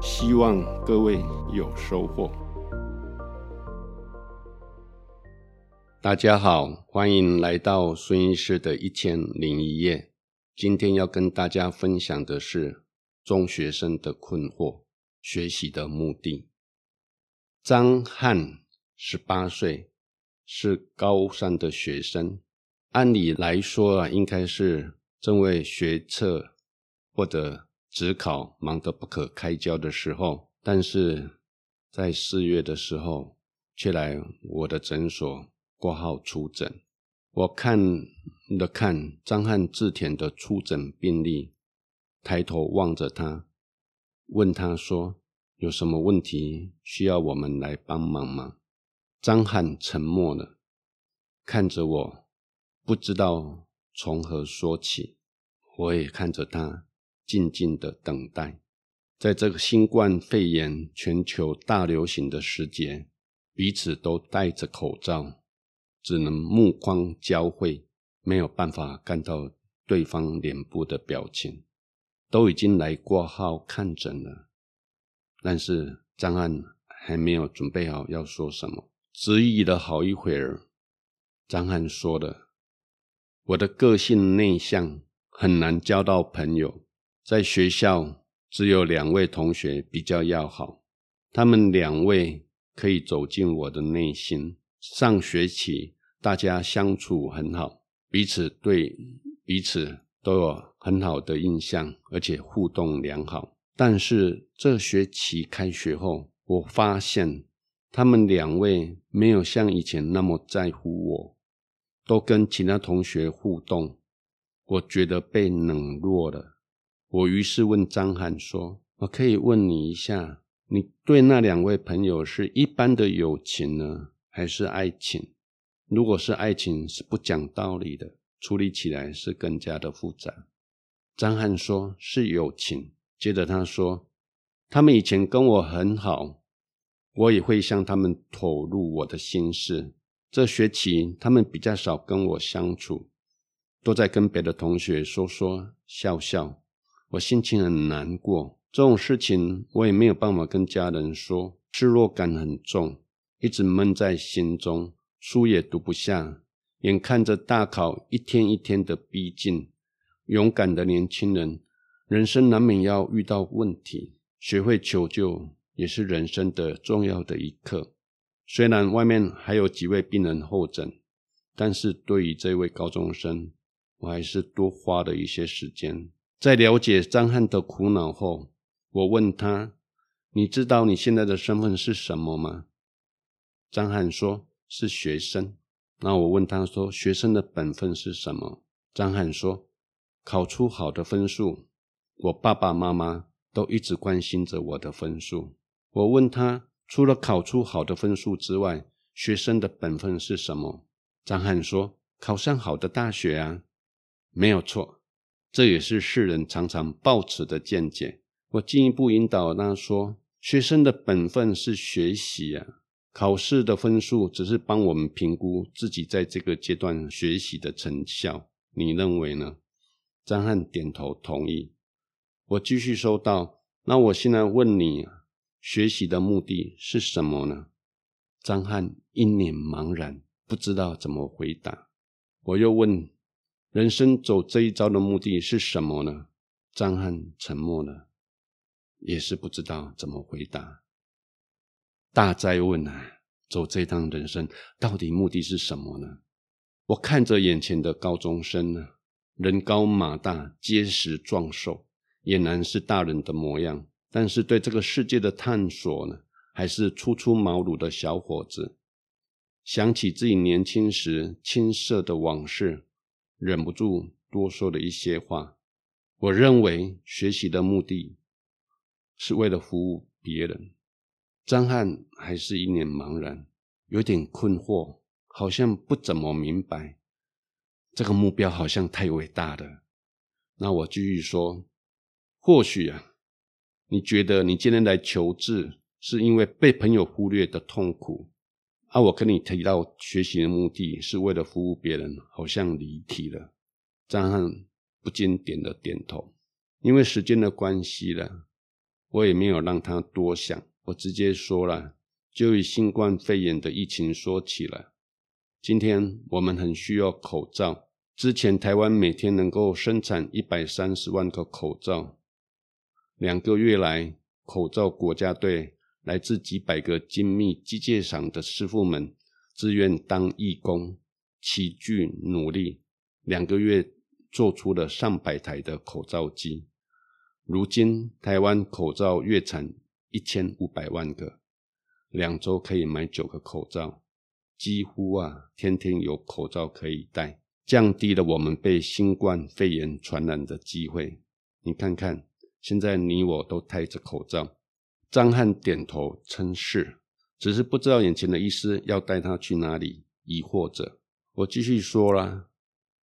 希望各位有收穫。大家好，歡迎來到孫醫師的一千零一夜。今天要跟大家分享的是中學生的困惑——學習的目的。張翰，十八歲，是高三的學生。按理來說啊，應該是正為學測或者。只考忙得不可開交的時候，但是在四月的時候，卻來我的診所掛號出診。我看了看張翰志田的出診病例，抬頭望着他，問他說：“有什麼問題需要我們來幫忙嗎？”張翰沉默了，看着我，不知道從何說起。我也看着他。靜靜的等待，在這個新冠肺炎全球大流行的時節，彼此都戴着口罩，只能目光交匯，沒有辦法看到對方臉部的表情。都已經來掛號看診了，但是張翰還沒有準備好要說什麼，遲疑了好一會兒，張翰說的：“我的個性內向，很難交到朋友。”在學校，只有兩位同學比較要好，他們兩位可以走進我的內心。上學期大家相處很好，彼此對彼此都有很好的印象，而且互動良好。但是這學期開學後，我發現他們兩位沒有像以前那麼在乎我，都跟其他同學互動，我覺得被冷落了。我於是問張翰說：“我可以問你一下，你對那兩位朋友是一般的友情呢，還是愛情？如果是愛情，是不講道理的，處理起來是更加的複雜。”張翰說：“是友情。”接着他說：“他們以前跟我很好，我也會向他們吐露我的心事。這學期他們比較少跟我相處，都在跟別的同學說說笑笑。”我心情很難過，這種事情我也沒有辦法跟家人說，失落感很重，一直悶在心中，書也讀不下，眼看着大考一天一天的逼近。勇敢的年輕人，人生難免要遇到問題，學會求救也是人生的重要的一課。雖然外面還有幾位病人候診，但是對於這位高中生，我還是多花了一些時間。在了解張翰的苦惱後，我問他：“你知道你現在的身份是什麼嗎？”張翰說：“是學生。”那我問他說：“學生的本分是什麼？”張翰說：“考出好的分數。”我爸爸媽媽都一直關心着我的分數。我問他：“除了考出好的分數之外，學生的本分是什麼？”張翰說：“考上好的大學啊，沒有錯。”這也是世人常常抱持的見解。我進一步引導他說：“學生的本分是學習啊，考試的分數只是幫我們評估自己在這個階段學習的成效。”你認為呢？張翰點頭同意。我繼續說道：“那我現在問你，學習的目的是什麼呢？”張翰一臉茫然，不知道怎麼回答。我又問。人生走這一遭的目的是什麼呢？張翰沉默了，也是不知道怎麼回答。大哉問啊，走這一趟人生到底目的是什麼呢？我看着眼前的高中生呢、啊，人高馬大、結實壯碩，儼然是大人的模樣，但是對這個世界的探索呢，還是初出茅廬的小夥子。想起自己年輕時青澀的往事。忍不住多說了一些話。我認為學習的目的是為了服務別人。張翰還是一臉茫然，有點困惑，好像不怎麼明白。這個目標好像太偉大了，那我繼續說，或許啊，你覺得你今天來求治，是因為被朋友忽略的痛苦。啊，我跟你提到學習的目的是為了服務別人，好像離題了。張翰不禁點了點頭。因為時間的關係了，我也沒有讓他多想，我直接說了，就以新冠肺炎的疫情說起了。今天我們很需要口罩，之前台灣每天能夠生產一百三十萬個口罩，兩個月來口罩國家隊。來自幾百個精密機械廠的師傅們自願當義工，齊聚努力，兩個月做出了上百台的口罩機。如今，台灣口罩月產一千五百萬個，兩周可以買九個口罩，幾乎啊，天天有口罩可以戴，降低了我們被新冠肺炎傳染的機會。你看看，現在你我都戴着口罩。張翰點頭稱是，只是不知道眼前的醫師要帶他去哪裡，疑惑着。我繼續說啦。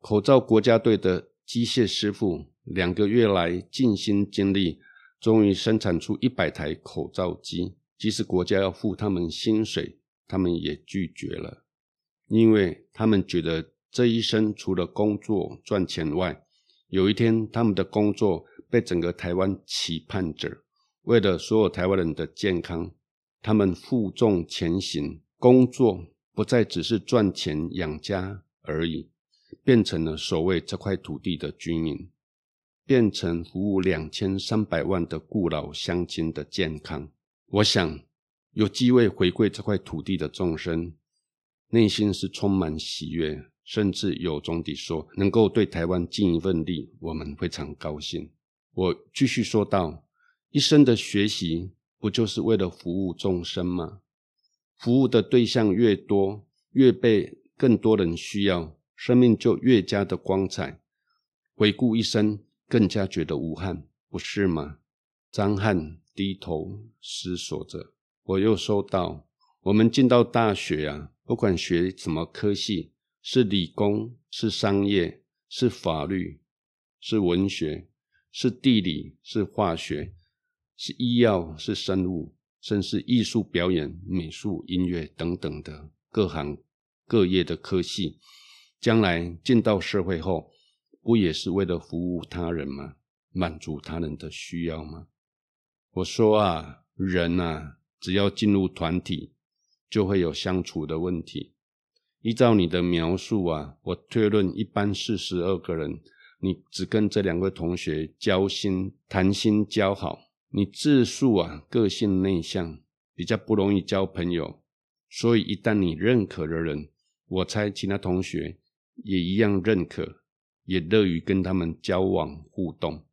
口罩國家隊的機械師傅，兩個月來盡心盡力，終於生產出一百台口罩機。即使國家要付他們薪水，他們也拒絕了，因為他們覺得這一生除了工作賺錢外，有一天他們的工作被整個台灣期盼着。為了所有台灣人的健康，他們負重前行，工作不再只是賺錢養家而已，變成了所謂這塊土地的居民，變成服務兩千三百萬的父老鄉親的健康。我想有機會回饋這塊土地的眾生，內心是充滿喜悅，甚至由衷的說，能夠對台灣盡一份力，我們非常高興。我繼續說道。一生的學習不就是為了服務眾生嗎？服務的對象越多，越被更多人需要，生命就越加的光彩。回顧一生，更加覺得無憾，不是嗎？張翰低頭思索着，我又說道：“我們進到大學啊，不管學什麼科系，是理工，是商業，是法律，是文學，是地理，是化學。”是醫藥、是生物，甚至藝術表演、美術、音樂等等的各行各業的科系，將來進到社會後，不也是為了服務他人嗎？滿足他人的需要嗎？我說啊，人啊，只要進入團體，就會有相處的問題。依照你的描述啊，我推論一般四十二個人，你只跟這兩位同學交心、談心、交好。你自述啊，個性內向，比較不容易交朋友，所以一旦你認可的人，我猜其他同學也一樣認可，也樂於跟他們交往互動。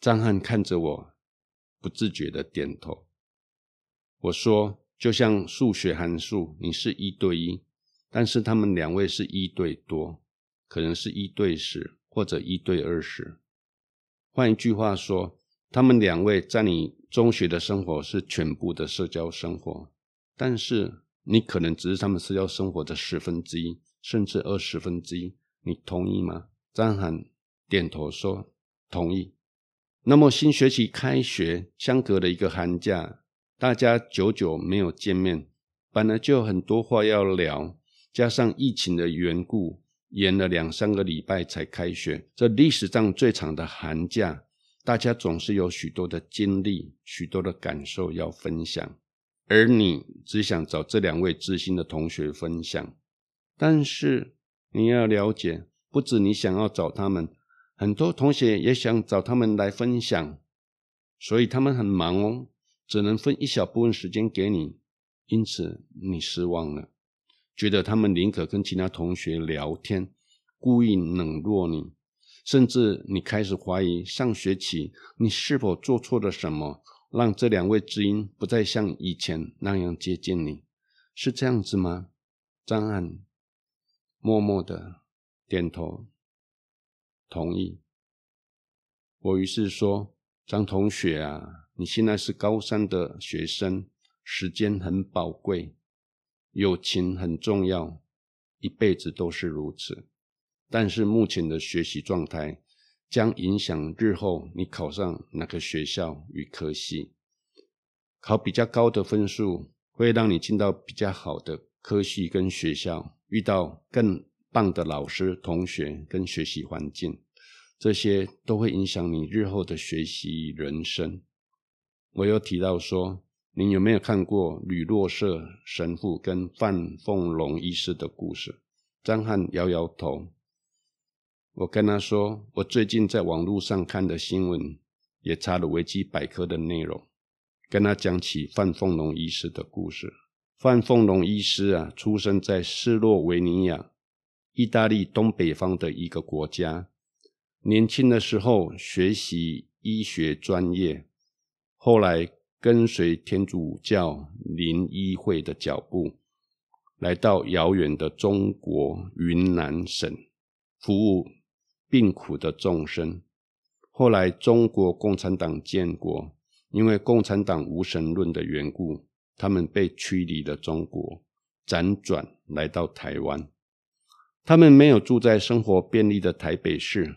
張翰看着我，不自覺地點頭。我說，就像數學函數，你是一對一，但是他們兩位是一對多，可能是一對十或者一對二十。換一句話說。他們兩位在你中學的生活是全部的社交生活，但是你可能只是他們社交生活的十分之一，甚至二十分之一。你同意嗎？張翰點頭說同意。那麼新學期開學相隔了一個寒假，大家久久沒有見面，本來就有很多話要聊，加上疫情的緣故，延了兩三個禮拜才開學，這歷史上最長的寒假。大家總是有許多的經歷、許多的感受要分享，而你只想找這兩位知心的同學分享。但是你要了解，不止你想要找他們，很多同學也想找他們來分享，所以他們很忙哦，只能分一小部分時間給你，因此你失望了，覺得他們寧可跟其他同學聊天，故意冷落你。甚至你開始懷疑，上學期你是否做錯了什麼，讓這兩位知音不再像以前那樣接近你？是這樣子嗎？張翰默默地點頭，同意。我於是說：“張同學啊，你現在是高三的學生，時間很寶貴，友情很重要，一輩子都是如此。”但是目前的學習狀態，將影響日後你考上哪個學校與科系。考比較高的分數，會讓你進到比較好的科系跟學校，遇到更棒的老師、同學跟學習環境，這些都會影響你日後的學習人生。我有提到說，你有沒有看過呂若瑟神父跟范鳳龍醫師的故事？張翰搖搖頭。我跟他說，我最近在網絡上看的新聞，也查了維基百科的內容，跟他講起范鳳龍醫師的故事。范鳳龍醫師啊，出生在斯洛維尼亞，意大利東北方的一個國家。年輕的時候學習醫學專業，後來跟隨天主教靈醫會的腳步，來到遙遠的中國雲南省，服務病苦的眾生，後來中國共產黨建國，因為共產黨無神論的緣故，他們被驅離了中國，輾轉來到台灣。他們沒有住在生活便利的台北市，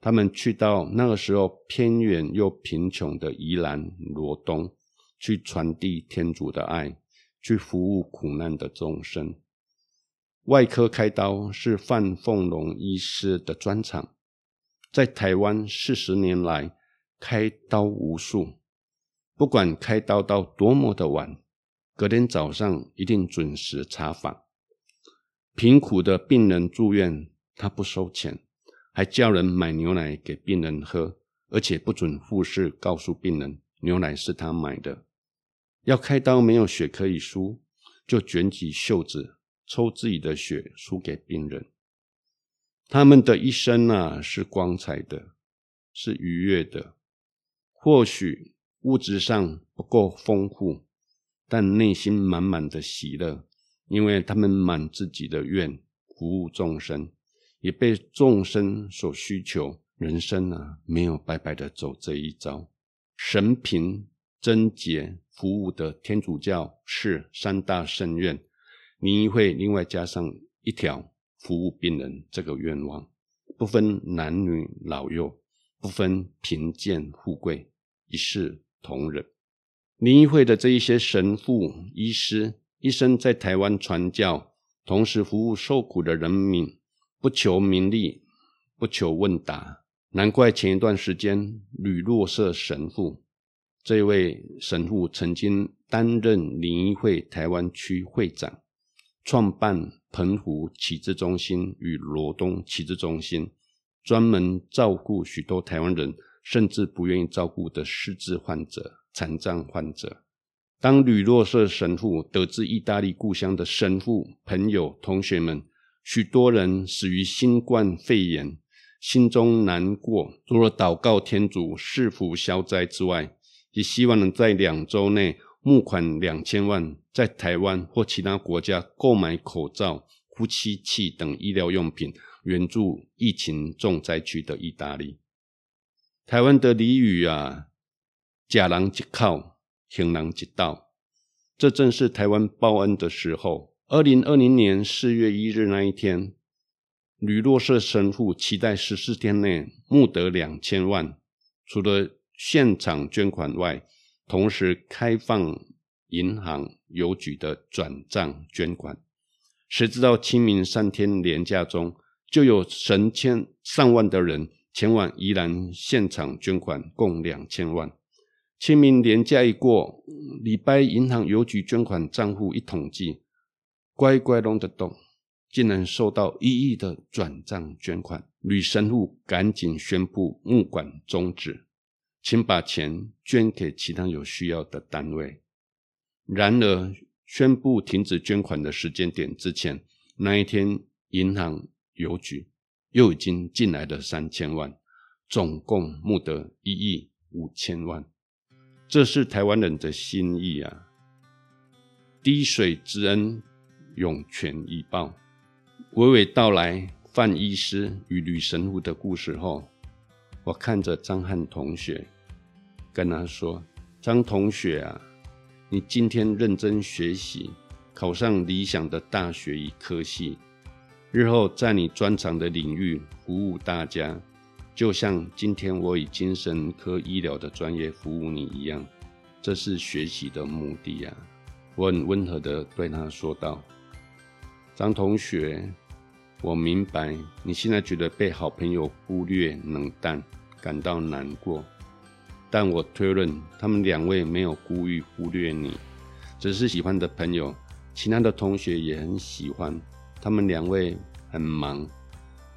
他們去到那個時候偏遠又貧窮的宜蘭、羅東，去傳遞天主的愛，去服務苦難的眾生。外科開刀是范鳳龍醫師的專長。在台灣四十年來，開刀無數，不管開刀到多麼的晚，隔天早上一定準時查房。貧苦的病人住院，他不收錢，還叫人買牛奶給病人喝，而且不准護士告訴病人牛奶是他買的。要開刀沒有血可以輸，就捲起袖子抽自己的血輸給病人。他們的一生啊，是光彩的，是愉悅的。或許物質上不夠豐富，但內心滿滿的喜樂，因為他們滿自己的願，服務眾生，也被眾生所需求。人生啊，沒有白白的走這一遭。神貧貞潔、服務的天主教是三大聖願，你會另外加上一條。服務病人這個願望，不分男女老幼，不分貧賤富貴，一視同仁。靈醫會的這一些神父醫師，一生在台灣傳教，同時服務受苦的人民，不求名利，不求問答。難怪前一段時間呂若瑟神父，這位神父曾經擔任靈醫會台灣區會長。創辦澎湖啟智中心與羅東啟智中心，專門照顧許多台灣人甚至不願意照顧的失智患者、殘障患者。當呂若瑟神父得知意大利故鄉的神父、朋友、同學們，許多人死於新冠肺炎，心中難過。除了禱告天主是否消災之外，也希望能在兩週內募款兩千萬。在台灣或其他國家購買口罩、呼吸器等醫療用品，援助疫情重災區的意大利。台灣的俚語啊，假狼即靠，行狼即到。這正是台灣報恩的時候。二零二零年四月一日那一天，呂若瑟神父期待十四天內募得兩千萬，除了現場捐款外，同時開放銀行、郵局的轉賬捐款，誰知道清明三天連假中就有成千上萬的人，前往宜蘭現場捐款，共兩千萬。清明連假一過，禮拜銀行郵局捐款賬戶一統計，乖乖隆的咚竟然收到一億的轉賬捐款。呂神父趕緊宣布募款終止，請把錢捐給其他有需要的單位。然而，宣布停止捐款的時間點之前，那一天，銀行、郵局又已經進來了三千萬，總共募得一億五千萬。這是台灣人的心意啊！滴水之恩，湧泉以報。娓娓道來范醫師與呂神父的故事後，我看着張翰同學，跟他說：“張同學啊。”你今天認真學習，考上理想的大學與科系，日後在你專長的領域服務大家，就像今天我以精神科醫療的專業服務你一樣，這是學習的目的啊！我很溫和地對他說道：“張同學，我明白你現在覺得被好朋友忽略冷淡，感到難過。”但我推論，他們兩位沒有故意忽略你，只是喜歡的朋友，其他的同學也很喜歡。他們兩位很忙，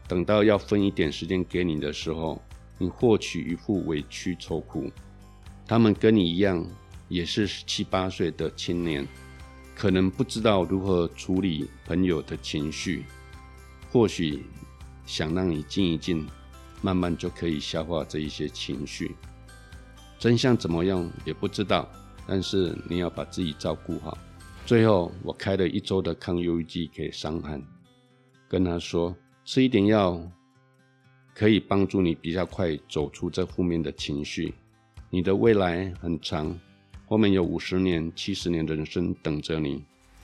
等到要分一點時間給你的時候，你獲取一副委屈愁苦。他們跟你一樣，也是十七八歲的青年，可能不知道如何處理朋友的情緒，或許想讓你靜一靜，慢慢就可以消化這一些情緒。真相怎麼樣也不知道，但是你要把自己照顧好。最後，我開了一周的抗憂鬱劑給張翰，跟他說吃一點藥可以幫助你比較快走出這負面的情緒。你的未來很長，後面有五十年、七十年的人生等着你，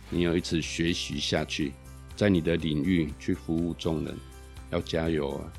你要一直學習下去，在你的領域去服務眾人，要加油啊！